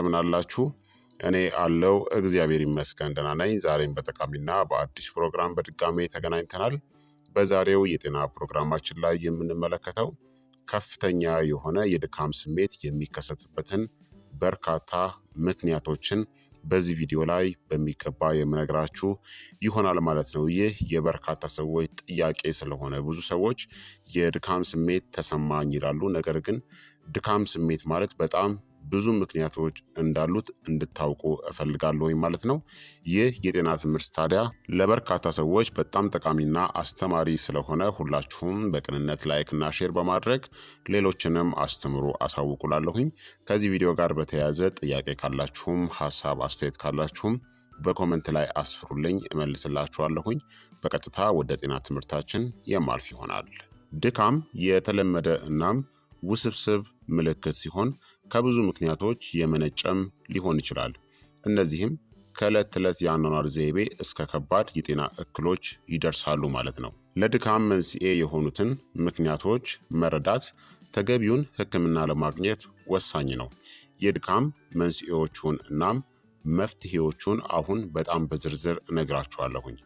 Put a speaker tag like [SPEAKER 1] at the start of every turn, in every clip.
[SPEAKER 1] እንደምናላችሁ እኔ አለው እግዚአብሔር ይመስገን ደህና ነኝ። ዛሬም በጠቃሚና በአዲስ ፕሮግራም በድጋሜ ተገናኝተናል። በዛሬው የጤና ፕሮግራማችን ላይ የምንመለከተው ከፍተኛ የሆነ የድካም ስሜት የሚከሰትበትን በርካታ ምክንያቶችን በዚህ ቪዲዮ ላይ በሚገባ የምነግራችሁ ይሆናል ማለት ነው። ይህ የበርካታ ሰዎች ጥያቄ ስለሆነ ብዙ ሰዎች የድካም ስሜት ተሰማኝ ይላሉ። ነገር ግን ድካም ስሜት ማለት በጣም ብዙ ምክንያቶች እንዳሉት እንድታውቁ እፈልጋለሁ ማለት ነው። ይህ የጤና ትምህርት ታዲያ ለበርካታ ሰዎች በጣም ጠቃሚና አስተማሪ ስለሆነ ሁላችሁም በቅንነት ላይክና ሼር በማድረግ ሌሎችንም አስተምሩ አሳውቁላለሁኝ። ከዚህ ቪዲዮ ጋር በተያያዘ ጥያቄ ካላችሁም ሀሳብ አስተያየት ካላችሁም በኮመንት ላይ አስፍሩልኝ፣ እመልስላችኋለሁኝ። በቀጥታ ወደ ጤና ትምህርታችን የማልፍ ይሆናል። ድካም የተለመደ እናም ውስብስብ ምልክት ሲሆን ከብዙ ምክንያቶች የመነጨም ሊሆን ይችላል። እነዚህም ከዕለት ተዕለት የአኗኗር ዘይቤ እስከ ከባድ የጤና እክሎች ይደርሳሉ ማለት ነው። ለድካም መንስኤ የሆኑትን ምክንያቶች መረዳት ተገቢውን ሕክምና ለማግኘት ወሳኝ ነው። የድካም መንስኤዎቹን እናም መፍትሄዎቹን አሁን በጣም በዝርዝር እነግራችኋለሁኝ።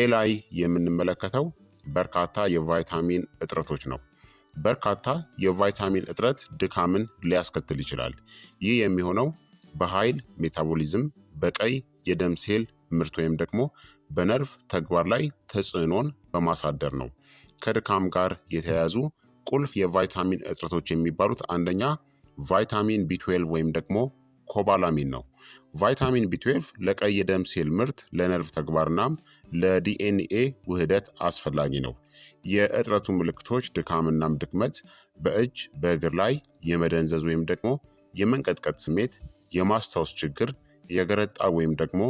[SPEAKER 1] ኤ ላይ የምንመለከተው በርካታ የቫይታሚን እጥረቶች ነው። በርካታ የቫይታሚን እጥረት ድካምን ሊያስከትል ይችላል። ይህ የሚሆነው በኃይል ሜታቦሊዝም፣ በቀይ የደም ሴል ምርት ወይም ደግሞ በነርቭ ተግባር ላይ ተጽዕኖን በማሳደር ነው። ከድካም ጋር የተያያዙ ቁልፍ የቫይታሚን እጥረቶች የሚባሉት አንደኛ ቫይታሚን ቢ12 ወይም ደግሞ ኮባላሚን ነው። ቫይታሚን ቢ12 ለቀይ ደም ሴል ምርት፣ ለነርቭ ተግባርናም ለዲኤንኤ ውህደት አስፈላጊ ነው። የእጥረቱ ምልክቶች ድካምናም ድክመት፣ በእጅ በእግር ላይ የመደንዘዝ ወይም ደግሞ የመንቀጥቀጥ ስሜት፣ የማስታወስ ችግር፣ የገረጣ ወይም ደግሞ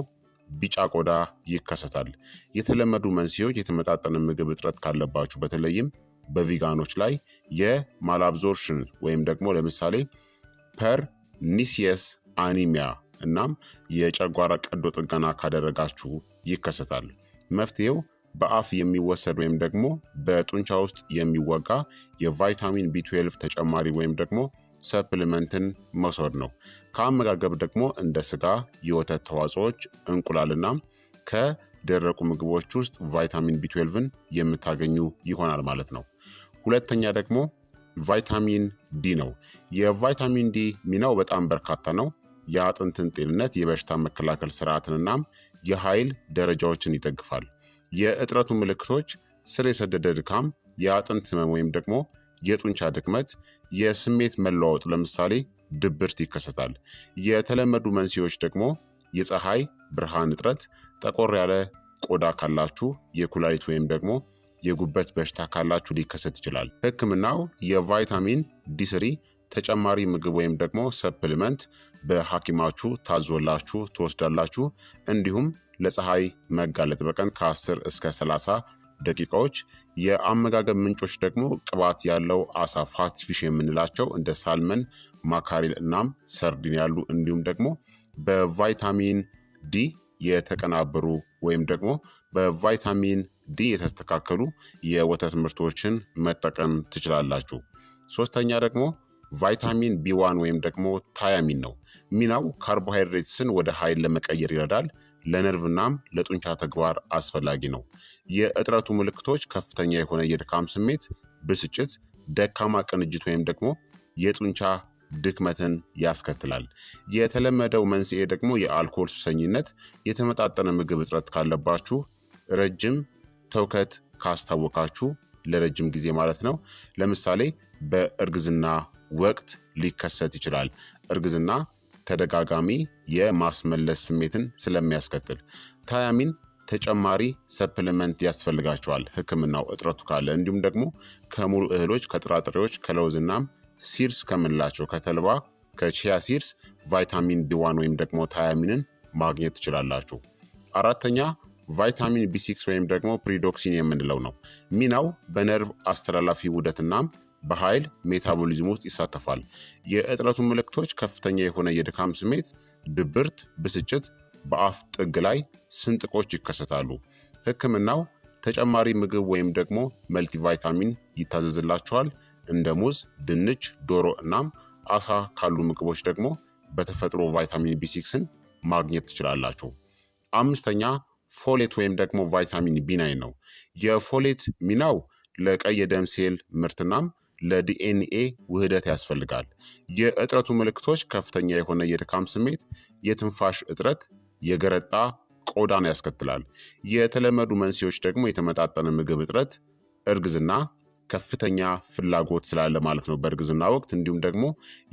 [SPEAKER 1] ቢጫ ቆዳ ይከሰታል። የተለመዱ መንስኤዎች የተመጣጠነ ምግብ እጥረት ካለባችሁ በተለይም በቪጋኖች ላይ የማላብዞርሽን ወይም ደግሞ ለምሳሌ ፐር ኒሲየስ አኒሚያ እናም የጨጓራ ቀዶ ጥገና ካደረጋችሁ ይከሰታል። መፍትሄው በአፍ የሚወሰድ ወይም ደግሞ በጡንቻ ውስጥ የሚወጋ የቫይታሚን ቢ12 ተጨማሪ ወይም ደግሞ ሰፕሊመንትን መውሰድ ነው። ከአመጋገብ ደግሞ እንደ ስጋ፣ የወተት ተዋጽኦዎች፣ እንቁላልና ከደረቁ ምግቦች ውስጥ ቫይታሚን ቢ12ን የምታገኙ ይሆናል ማለት ነው። ሁለተኛ ደግሞ ቫይታሚን ዲ ነው። የቫይታሚን ዲ ሚናው በጣም በርካታ ነው። የአጥንትን ጤንነት፣ የበሽታ መከላከል ስርዓትንናም የኃይል ደረጃዎችን ይደግፋል። የእጥረቱ ምልክቶች ስር የሰደደ ድካም፣ የአጥንት ህመም ወይም ደግሞ የጡንቻ ድክመት፣ የስሜት መለዋወጥ ለምሳሌ ድብርት ይከሰታል። የተለመዱ መንስኤዎች ደግሞ የፀሐይ ብርሃን እጥረት፣ ጠቆር ያለ ቆዳ ካላችሁ፣ የኩላሊት ወይም ደግሞ የጉበት በሽታ ካላችሁ ሊከሰት ይችላል። ህክምናው የቫይታሚን ዲ ተጨማሪ ምግብ ወይም ደግሞ ሰፕሊመንት በሐኪማችሁ ታዞላችሁ ትወስዳላችሁ። እንዲሁም ለፀሐይ መጋለጥ በቀን ከ10 እስከ 30 ደቂቃዎች የአመጋገብ ምንጮች ደግሞ ቅባት ያለው አሳ ፋትፊሽ ፊሽ የምንላቸው እንደ ሳልመን፣ ማካሪል እናም ሰርዲን ያሉ እንዲሁም ደግሞ በቫይታሚን ዲ የተቀናበሩ ወይም ደግሞ በቫይታሚን ዲ የተስተካከሉ የወተት ምርቶችን መጠቀም ትችላላችሁ። ሶስተኛ ደግሞ ቫይታሚን ቢዋን ወይም ደግሞ ታያሚን ነው። ሚናው ካርቦሃይድሬትስን ወደ ኃይል ለመቀየር ይረዳል። ለነርቭናም ለጡንቻ ተግባር አስፈላጊ ነው። የእጥረቱ ምልክቶች ከፍተኛ የሆነ የድካም ስሜት፣ ብስጭት፣ ደካማ ቅንጅት ወይም ደግሞ የጡንቻ ድክመትን ያስከትላል። የተለመደው መንስኤ ደግሞ የአልኮል ሱሰኝነት፣ የተመጣጠነ ምግብ እጥረት ካለባችሁ፣ ረጅም ተውከት ካስታወካችሁ ለረጅም ጊዜ ማለት ነው። ለምሳሌ በእርግዝና ወቅት ሊከሰት ይችላል። እርግዝና ተደጋጋሚ የማስመለስ ስሜትን ስለሚያስከትል ታያሚን ተጨማሪ ሰፕሊመንት ያስፈልጋቸዋል። ህክምናው እጥረቱ ካለ እንዲሁም ደግሞ ከሙሉ እህሎች፣ ከጥራጥሬዎች፣ ከለውዝናም ሲርስ ከምንላቸው ከተልባ፣ ከቺያ ሲርስ ቫይታሚን ቢዋን ወይም ደግሞ ታያሚንን ማግኘት ትችላላችሁ። አራተኛ ቫይታሚን ቢ ወይም ደግሞ ፕሪዶክሲን የምንለው ነው። ሚናው በነርቭ አስተላላፊ ውደትናም በኃይል ሜታቦሊዝም ውስጥ ይሳተፋል። የእጥረቱ ምልክቶች ከፍተኛ የሆነ የድካም ስሜት፣ ድብርት፣ ብስጭት፣ በአፍ ጥግ ላይ ስንጥቆች ይከሰታሉ። ህክምናው ተጨማሪ ምግብ ወይም ደግሞ መልቲቫይታሚን ይታዘዝላቸዋል። እንደ ሙዝ፣ ድንች፣ ዶሮ እናም አሳ ካሉ ምግቦች ደግሞ በተፈጥሮ ቫይታሚን ቢሲክስን ማግኘት ትችላላችሁ። አምስተኛ ፎሌት ወይም ደግሞ ቫይታሚን ቢ ነው። የፎሌት ሚናው ለቀይ የደም ሴል ምርትናም ለዲኤንኤ ውህደት ያስፈልጋል። የእጥረቱ ምልክቶች ከፍተኛ የሆነ የድካም ስሜት፣ የትንፋሽ እጥረት፣ የገረጣ ቆዳን ያስከትላል። የተለመዱ መንስኤዎች ደግሞ የተመጣጠነ ምግብ እጥረት፣ እርግዝና፣ ከፍተኛ ፍላጎት ስላለ ማለት ነው በእርግዝና ወቅት እንዲሁም ደግሞ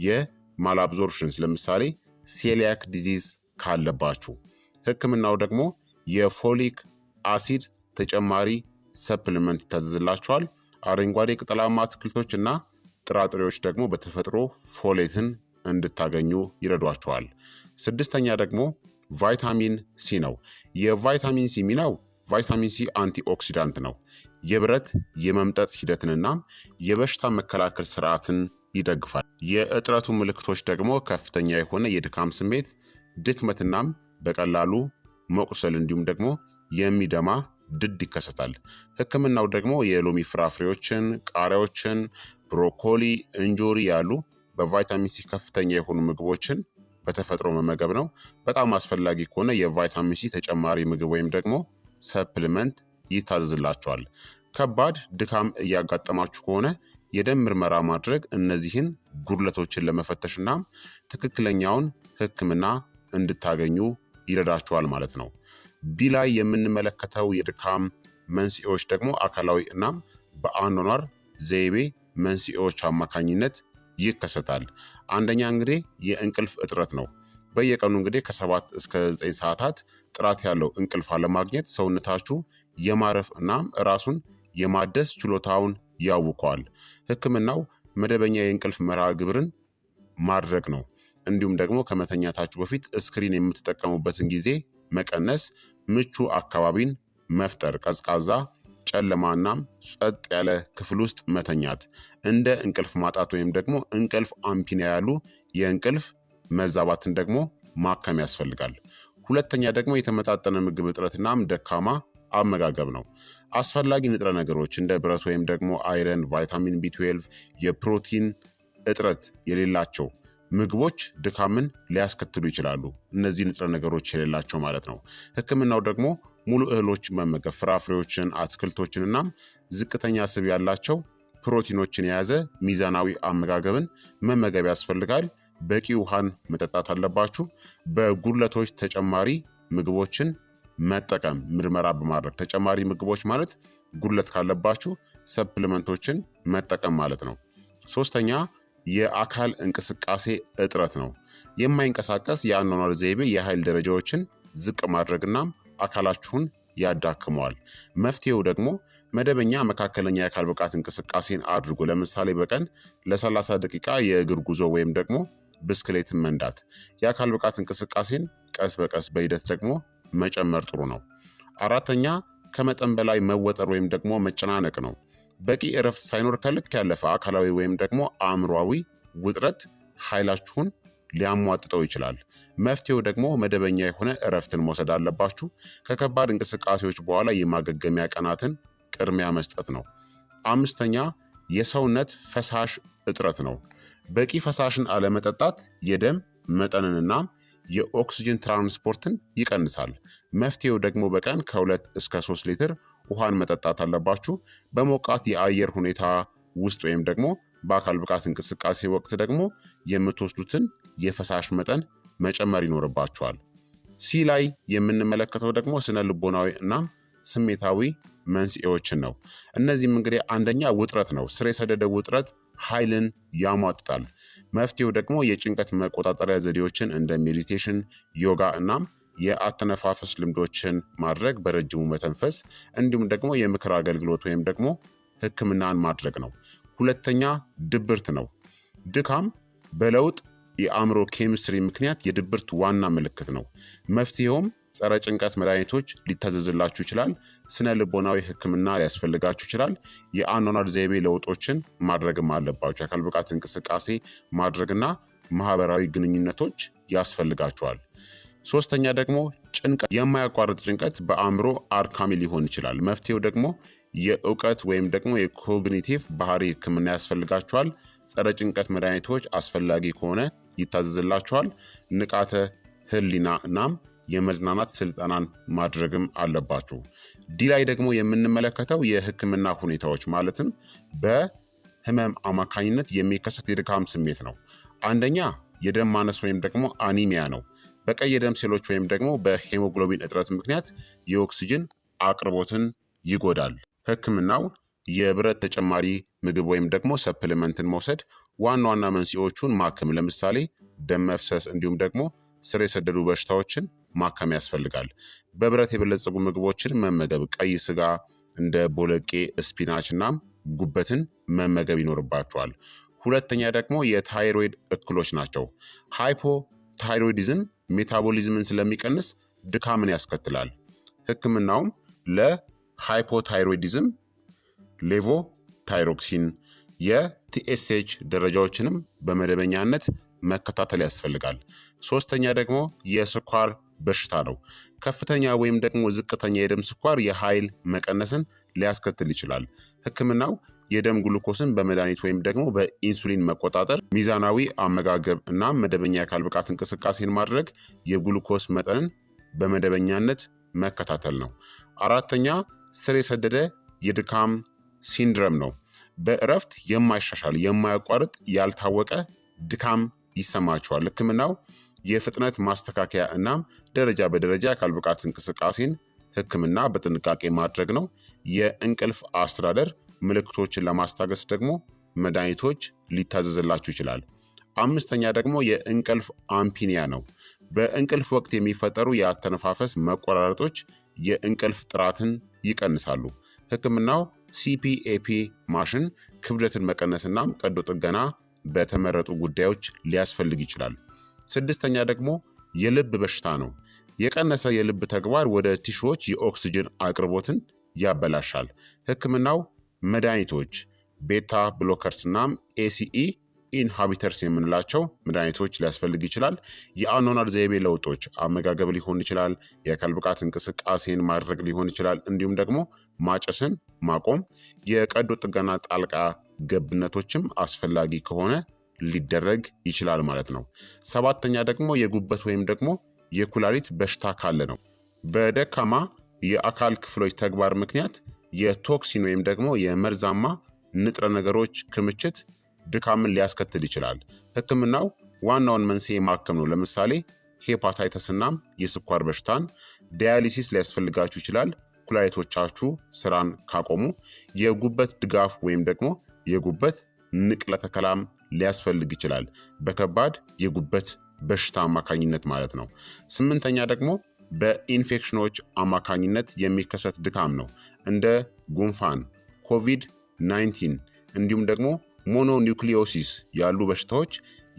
[SPEAKER 1] የማላብዞርሽንስ ለምሳሌ ሴሊያክ ዲዚዝ ካለባችሁ ህክምናው ደግሞ የፎሊክ አሲድ ተጨማሪ ሰፕሊመንት ይታዘዝላችኋል። አረንጓዴ ቅጠላማ አትክልቶች እና ጥራጥሬዎች ደግሞ በተፈጥሮ ፎሌትን እንድታገኙ ይረዷቸዋል። ስድስተኛ ደግሞ ቫይታሚን ሲ ነው። የቫይታሚን ሲ ሚናው ቫይታሚን ሲ አንቲኦክሲዳንት ነው። የብረት የመምጠጥ ሂደትንና የበሽታ መከላከል ስርዓትን ይደግፋል። የእጥረቱ ምልክቶች ደግሞ ከፍተኛ የሆነ የድካም ስሜት፣ ድክመትናም በቀላሉ መቁሰል እንዲሁም ደግሞ የሚደማ ድድ ይከሰታል። ህክምናው ደግሞ የሎሚ ፍራፍሬዎችን፣ ቃሪያዎችን፣ ብሮኮሊ፣ እንጆሪ ያሉ በቫይታሚን ሲ ከፍተኛ የሆኑ ምግቦችን በተፈጥሮ መመገብ ነው። በጣም አስፈላጊ ከሆነ የቫይታሚን ሲ ተጨማሪ ምግብ ወይም ደግሞ ሰፕሊመንት ይታዘዝላቸዋል። ከባድ ድካም እያጋጠማችሁ ከሆነ የደም ምርመራ ማድረግ እነዚህን ጉድለቶችን ለመፈተሽ እናም ትክክለኛውን ህክምና እንድታገኙ ይረዳችኋል ማለት ነው። ቢ ላይ የምንመለከተው የድካም መንስኤዎች ደግሞ አካላዊ እናም በአኗኗር ዘይቤ መንስኤዎች አማካኝነት ይከሰታል። አንደኛ እንግዲህ የእንቅልፍ እጥረት ነው። በየቀኑ እንግዲህ ከሰባት እስከ ዘጠኝ ሰዓታት ጥራት ያለው እንቅልፍ አለማግኘት ሰውነታችሁ የማረፍ እናም ራሱን የማደስ ችሎታውን ያውከዋል። ህክምናው መደበኛ የእንቅልፍ መርሃ ግብርን ማድረግ ነው። እንዲሁም ደግሞ ከመተኛታችሁ በፊት ስክሪን የምትጠቀሙበትን ጊዜ መቀነስ፣ ምቹ አካባቢን መፍጠር፣ ቀዝቃዛ ጨለማናም ጸጥ ያለ ክፍል ውስጥ መተኛት፣ እንደ እንቅልፍ ማጣት ወይም ደግሞ እንቅልፍ አምፒኒያ ያሉ የእንቅልፍ መዛባትን ደግሞ ማከም ያስፈልጋል። ሁለተኛ ደግሞ የተመጣጠነ ምግብ እጥረትናም ደካማ አመጋገብ ነው። አስፈላጊ ንጥረ ነገሮች እንደ ብረት ወይም ደግሞ አይረን፣ ቫይታሚን ቢ12፣ የፕሮቲን እጥረት የሌላቸው ምግቦች ድካምን ሊያስከትሉ ይችላሉ። እነዚህ ንጥረ ነገሮች የሌላቸው ማለት ነው። ህክምናው ደግሞ ሙሉ እህሎችን መመገብ፣ ፍራፍሬዎችን፣ አትክልቶችን እናም ዝቅተኛ ስብ ያላቸው ፕሮቲኖችን የያዘ ሚዛናዊ አመጋገብን መመገብ ያስፈልጋል። በቂ ውሃን መጠጣት አለባችሁ። በጉድለቶች ተጨማሪ ምግቦችን መጠቀም ምርመራ በማድረግ ተጨማሪ ምግቦች ማለት ጉድለት ካለባችሁ ሰፕሊመንቶችን መጠቀም ማለት ነው። ሶስተኛ የአካል እንቅስቃሴ እጥረት ነው። የማይንቀሳቀስ የአኗኗር ዘይቤ የኃይል ደረጃዎችን ዝቅ ማድረግናም አካላችሁን ያዳክመዋል። መፍትሄው ደግሞ መደበኛ መካከለኛ የአካል ብቃት እንቅስቃሴን አድርጉ። ለምሳሌ በቀን ለ30 ደቂቃ የእግር ጉዞ ወይም ደግሞ ብስክሌት መንዳት። የአካል ብቃት እንቅስቃሴን ቀስ በቀስ በሂደት ደግሞ መጨመር ጥሩ ነው። አራተኛ ከመጠን በላይ መወጠር ወይም ደግሞ መጨናነቅ ነው። በቂ እረፍት ሳይኖር ከልክ ያለፈ አካላዊ ወይም ደግሞ አእምሯዊ ውጥረት ኃይላችሁን ሊያሟጥጠው ይችላል። መፍትሄው ደግሞ መደበኛ የሆነ እረፍትን መውሰድ አለባችሁ። ከከባድ እንቅስቃሴዎች በኋላ የማገገሚያ ቀናትን ቅድሚያ መስጠት ነው። አምስተኛ የሰውነት ፈሳሽ እጥረት ነው። በቂ ፈሳሽን አለመጠጣት የደም መጠንንና የኦክስጅን ትራንስፖርትን ይቀንሳል። መፍትሄው ደግሞ በቀን ከሁለት እስከ ሶስት ሊትር ውሃን መጠጣት አለባችሁ። በሞቃት የአየር ሁኔታ ውስጥ ወይም ደግሞ በአካል ብቃት እንቅስቃሴ ወቅት ደግሞ የምትወስዱትን የፈሳሽ መጠን መጨመር ይኖርባችኋል። ሲ ላይ የምንመለከተው ደግሞ ስነ ልቦናዊ እናም ስሜታዊ መንስኤዎችን ነው። እነዚህም እንግዲህ አንደኛ ውጥረት ነው። ስር የሰደደ ውጥረት ኃይልን ያሟጥጣል። መፍትሄው ደግሞ የጭንቀት መቆጣጠሪያ ዘዴዎችን እንደ ሜዲቴሽን፣ ዮጋ እናም የአተነፋፈስ ልምዶችን ማድረግ፣ በረጅሙ መተንፈስ እንዲሁም ደግሞ የምክር አገልግሎት ወይም ደግሞ ህክምናን ማድረግ ነው። ሁለተኛ ድብርት ነው። ድካም በለውጥ የአእምሮ ኬሚስትሪ ምክንያት የድብርት ዋና ምልክት ነው። መፍትሄውም ጸረ ጭንቀት መድኃኒቶች ሊታዘዝላችሁ ይችላል። ስነ ልቦናዊ ህክምና ሊያስፈልጋችሁ ይችላል። የአኗኗር ዘይቤ ለውጦችን ማድረግም አለባችሁ። የአካል ብቃት እንቅስቃሴ ማድረግና ማህበራዊ ግንኙነቶች ያስፈልጋችኋል። ሶስተኛ ደግሞ ጭንቀት፣ የማያቋርጥ ጭንቀት በአእምሮ አርካሚ ሊሆን ይችላል። መፍትሄው ደግሞ የእውቀት ወይም ደግሞ የኮግኒቲቭ ባህሪ ህክምና ያስፈልጋቸዋል። ጸረ ጭንቀት መድኃኒቶች አስፈላጊ ከሆነ ይታዘዝላቸዋል። ንቃተ ህሊና እናም የመዝናናት ስልጠናን ማድረግም አለባችሁ። ዲ ላይ ደግሞ የምንመለከተው የህክምና ሁኔታዎች ማለትም በህመም አማካኝነት የሚከሰት የድካም ስሜት ነው። አንደኛ የደም ማነስ ወይም ደግሞ አኒሚያ ነው። በቀይ የደም ሴሎች ወይም ደግሞ በሄሞግሎቢን እጥረት ምክንያት የኦክስጅን አቅርቦትን ይጎዳል። ህክምናው የብረት ተጨማሪ ምግብ ወይም ደግሞ ሰፕሊመንትን መውሰድ፣ ዋና ዋና መንስኤዎቹን ማከም፣ ለምሳሌ ደም መፍሰስ እንዲሁም ደግሞ ስር የሰደዱ በሽታዎችን ማከም ያስፈልጋል። በብረት የበለጸጉ ምግቦችን መመገብ፣ ቀይ ስጋ እንደ ቦለቄ፣ ስፒናች እናም ጉበትን መመገብ ይኖርባቸዋል። ሁለተኛ ደግሞ የታይሮይድ እክሎች ናቸው። ሃይፖታይሮይዲዝም ሜታቦሊዝምን ስለሚቀንስ ድካምን ያስከትላል። ህክምናውም ለሃይፖታይሮይዲዝም ታይሮክሲን የቲኤስኤች ደረጃዎችንም በመደበኛነት መከታተል ያስፈልጋል። ሶስተኛ ደግሞ የስኳር በሽታ ነው። ከፍተኛ ወይም ደግሞ ዝቅተኛ የደም ስኳር የኃይል መቀነስን ሊያስከትል ይችላል። ህክምናው የደም ግሉኮስን በመድኃኒት ወይም ደግሞ በኢንሱሊን መቆጣጠር፣ ሚዛናዊ አመጋገብ እና መደበኛ የአካል ብቃት እንቅስቃሴን ማድረግ የግሉኮስ መጠንን በመደበኛነት መከታተል ነው። አራተኛ ስር የሰደደ የድካም ሲንድረም ነው። በእረፍት የማይሻሻል የማያቋርጥ ያልታወቀ ድካም ይሰማቸዋል። ህክምናው የፍጥነት ማስተካከያ እናም ደረጃ በደረጃ የአካል ብቃት እንቅስቃሴን ህክምና በጥንቃቄ ማድረግ ነው። የእንቅልፍ አስተዳደር ምልክቶችን ለማስታገስ ደግሞ መድኃኒቶች ሊታዘዝላችሁ ይችላል። አምስተኛ ደግሞ የእንቅልፍ አምፒኒያ ነው። በእንቅልፍ ወቅት የሚፈጠሩ የአተነፋፈስ መቆራረጦች የእንቅልፍ ጥራትን ይቀንሳሉ። ህክምናው ሲፒኤፒ ማሽን፣ ክብደትን መቀነስናም ቀዶ ጥገና በተመረጡ ጉዳዮች ሊያስፈልግ ይችላል። ስድስተኛ ደግሞ የልብ በሽታ ነው። የቀነሰ የልብ ተግባር ወደ ቲሾዎች የኦክስጅን አቅርቦትን ያበላሻል። ህክምናው መድኃኒቶች ቤታ ብሎከርስ እናም ኤሲኢ ኢንሃቢተርስ የምንላቸው መድኃኒቶች ሊያስፈልግ ይችላል። የአኗኗር ዘይቤ ለውጦች፣ አመጋገብ ሊሆን ይችላል፣ የአካል ብቃት እንቅስቃሴን ማድረግ ሊሆን ይችላል፣ እንዲሁም ደግሞ ማጨስን ማቆም፣ የቀዶ ጥገና ጣልቃ ገብነቶችም አስፈላጊ ከሆነ ሊደረግ ይችላል ማለት ነው። ሰባተኛ ደግሞ የጉበት ወይም ደግሞ የኩላሊት በሽታ ካለ ነው። በደካማ የአካል ክፍሎች ተግባር ምክንያት የቶክሲን ወይም ደግሞ የመርዛማ ንጥረ ነገሮች ክምችት ድካምን ሊያስከትል ይችላል። ህክምናው ዋናውን መንስኤ ማከም ነው። ለምሳሌ ሄፓታይተስናም የስኳር በሽታን፣ ዲያሊሲስ ሊያስፈልጋችሁ ይችላል ኩላሊቶቻችሁ ስራን ካቆሙ፣ የጉበት ድጋፍ ወይም ደግሞ የጉበት ንቅለ ተከላም ሊያስፈልግ ይችላል በከባድ የጉበት በሽታ አማካኝነት ማለት ነው። ስምንተኛ ደግሞ በኢንፌክሽኖች አማካኝነት የሚከሰት ድካም ነው። እንደ ጉንፋን፣ ኮቪድ-19 እንዲሁም ደግሞ ሞኖኒውክሊዮሲስ ያሉ በሽታዎች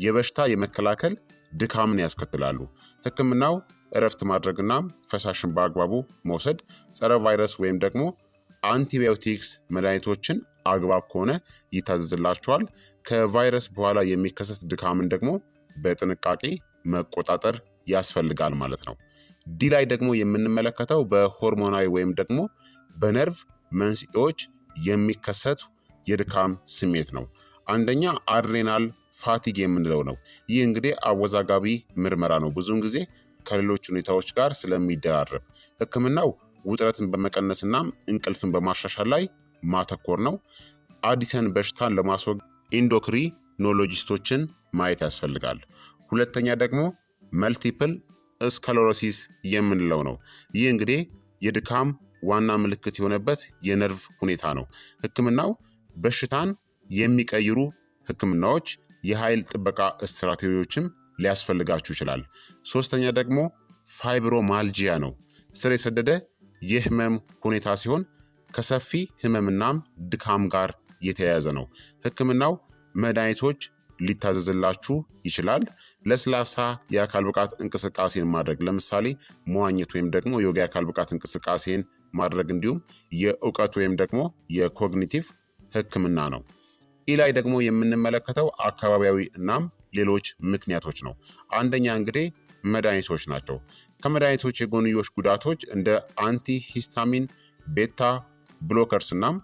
[SPEAKER 1] የበሽታ የመከላከል ድካምን ያስከትላሉ። ህክምናው እረፍት ማድረግና ፈሳሽን በአግባቡ መውሰድ፣ ጸረ ቫይረስ ወይም ደግሞ አንቲባዮቲክስ መድኃኒቶችን አግባብ ከሆነ ይታዘዝላቸዋል። ከቫይረስ በኋላ የሚከሰት ድካምን ደግሞ በጥንቃቄ መቆጣጠር ያስፈልጋል ማለት ነው። ዲ ላይ ደግሞ የምንመለከተው በሆርሞናዊ ወይም ደግሞ በነርቭ መንስኤዎች የሚከሰት የድካም ስሜት ነው። አንደኛ አድሬናል ፋቲግ የምንለው ነው። ይህ እንግዲህ አወዛጋቢ ምርመራ ነው። ብዙውን ጊዜ ከሌሎች ሁኔታዎች ጋር ስለሚደራረብ ሕክምናው ውጥረትን በመቀነስ እንቅልፍን በማሻሻል ላይ ማተኮር ነው። አዲሰን በሽታን ለማስወገድ ኢንዶክሪኖሎጂስቶችን ማየት ያስፈልጋል። ሁለተኛ ደግሞ መልቲፕል ስካሎሮሲስ የምንለው ነው። ይህ እንግዲህ የድካም ዋና ምልክት የሆነበት የነርቭ ሁኔታ ነው። ህክምናው በሽታን የሚቀይሩ ህክምናዎች፣ የኃይል ጥበቃ ስትራቴጂዎችም ሊያስፈልጋችሁ ይችላል። ሶስተኛ ደግሞ ፋይብሮማልጂያ ነው። ስር የሰደደ የህመም ሁኔታ ሲሆን ከሰፊ ህመምናም ድካም ጋር የተያያዘ ነው። ህክምናው መድኃኒቶች፣ ሊታዘዝላችሁ ይችላል። ለስላሳ የአካል ብቃት እንቅስቃሴን ማድረግ ለምሳሌ መዋኘት ወይም ደግሞ ዮጋ የአካል ብቃት እንቅስቃሴን ማድረግ እንዲሁም የእውቀት ወይም ደግሞ የኮግኒቲቭ ህክምና ነው። ኢ ላይ ደግሞ የምንመለከተው አካባቢያዊ እናም ሌሎች ምክንያቶች ነው። አንደኛ እንግዲህ መድኃኒቶች ናቸው። ከመድኃኒቶች የጎንዮሽ ጉዳቶች እንደ አንቲ ሂስታሚን ቤታ ብሎከርስ እናም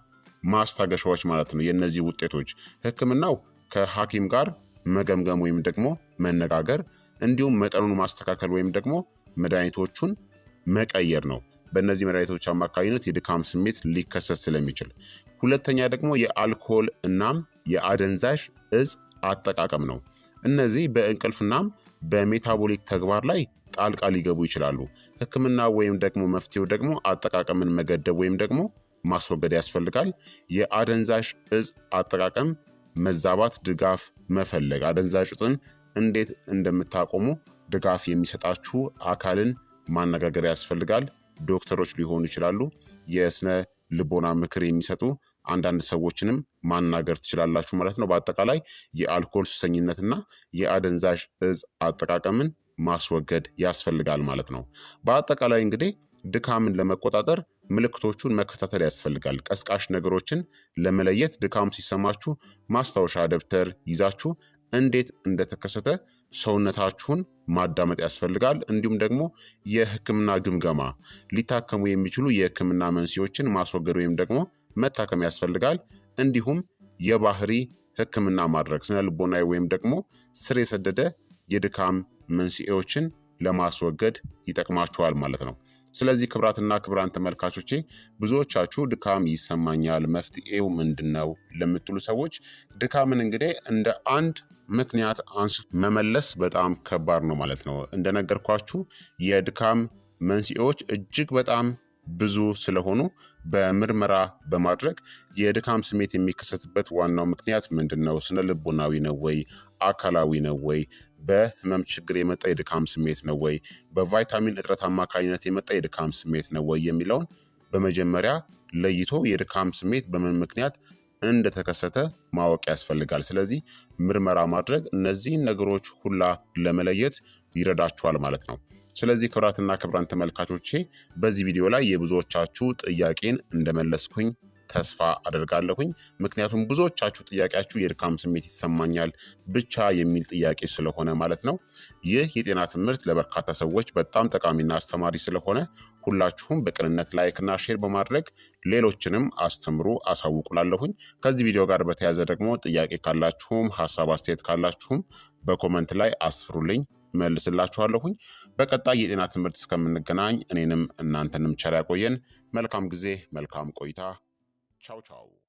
[SPEAKER 1] ማስታገሻዎች ማለት ነው። የእነዚህ ውጤቶች ህክምናው ከሐኪም ጋር መገምገም ወይም ደግሞ መነጋገር እንዲሁም መጠኑን ማስተካከል ወይም ደግሞ መድኃኒቶቹን መቀየር ነው። በእነዚህ መድኃኒቶች አማካኝነት የድካም ስሜት ሊከሰት ስለሚችል፣ ሁለተኛ ደግሞ የአልኮል እናም የአደንዛዥ እጽ አጠቃቀም ነው። እነዚህ በእንቅልፍ በሜታቦሊክ ተግባር ላይ ጣልቃ ሊገቡ ይችላሉ። ሕክምና ወይም ደግሞ መፍትሄው ደግሞ አጠቃቀምን መገደብ ወይም ደግሞ ማስወገድ ያስፈልጋል። የአደንዛዥ እጽ አጠቃቀም መዛባት ድጋፍ መፈለግ፣ አደንዛዥ እጽን እንዴት እንደምታቆሙ ድጋፍ የሚሰጣችሁ አካልን ማነጋገር ያስፈልጋል። ዶክተሮች ሊሆኑ ይችላሉ። የስነ ልቦና ምክር የሚሰጡ አንዳንድ ሰዎችንም ማናገር ትችላላችሁ ማለት ነው። በአጠቃላይ የአልኮል ሱሰኝነትና የአደንዛዥ እጽ አጠቃቀምን ማስወገድ ያስፈልጋል ማለት ነው። በአጠቃላይ እንግዲህ ድካምን ለመቆጣጠር ምልክቶቹን መከታተል ያስፈልጋል። ቀስቃሽ ነገሮችን ለመለየት ድካም ሲሰማችሁ ማስታወሻ ደብተር ይዛችሁ እንዴት እንደተከሰተ ሰውነታችሁን ማዳመጥ ያስፈልጋል። እንዲሁም ደግሞ የህክምና ግምገማ ሊታከሙ የሚችሉ የህክምና መንስኤዎችን ማስወገድ ወይም ደግሞ መታከም ያስፈልጋል። እንዲሁም የባህሪ ህክምና ማድረግ ስነ ልቦናዊ ወይም ደግሞ ስር የሰደደ የድካም መንስኤዎችን ለማስወገድ ይጠቅማችኋል ማለት ነው። ስለዚህ ክብራትና ክብራን ተመልካቾቼ ብዙዎቻችሁ ድካም ይሰማኛል መፍትሄው ምንድን ነው ለምትሉ ሰዎች ድካምን እንግዲህ እንደ አንድ ምክንያት አንስቶ መመለስ በጣም ከባድ ነው ማለት ነው። እንደነገርኳችሁ የድካም መንስኤዎች እጅግ በጣም ብዙ ስለሆኑ በምርመራ በማድረግ የድካም ስሜት የሚከሰትበት ዋናው ምክንያት ምንድን ነው? ስነ ልቦናዊ ነው ወይ? አካላዊ ነው ወይ? በህመም ችግር የመጣ የድካም ስሜት ነው ወይ፣ በቫይታሚን እጥረት አማካኝነት የመጣ የድካም ስሜት ነው ወይ የሚለውን በመጀመሪያ ለይቶ የድካም ስሜት በምን ምክንያት እንደተከሰተ ማወቅ ያስፈልጋል። ስለዚህ ምርመራ ማድረግ እነዚህን ነገሮች ሁላ ለመለየት ይረዳችኋል ማለት ነው። ስለዚህ ክብራትና ክብራን ተመልካቾቼ በዚህ ቪዲዮ ላይ የብዙዎቻችሁ ጥያቄን እንደመለስኩኝ ተስፋ አደርጋለሁኝ። ምክንያቱም ብዙዎቻችሁ ጥያቄያችሁ የድካም ስሜት ይሰማኛል ብቻ የሚል ጥያቄ ስለሆነ ማለት ነው። ይህ የጤና ትምህርት ለበርካታ ሰዎች በጣም ጠቃሚና አስተማሪ ስለሆነ ሁላችሁም በቅንነት ላይክና ሼር በማድረግ ሌሎችንም አስተምሩ አሳውቁላለሁኝ። ከዚህ ቪዲዮ ጋር በተያያዘ ደግሞ ጥያቄ ካላችሁም ሀሳብ አስተያየት ካላችሁም በኮመንት ላይ አስፍሩልኝ መልስላችኋለሁኝ። በቀጣይ የጤና ትምህርት እስከምንገናኝ እኔንም እናንተንም ቸር ያቆየን። መልካም ጊዜ፣ መልካም ቆይታ። 悄悄。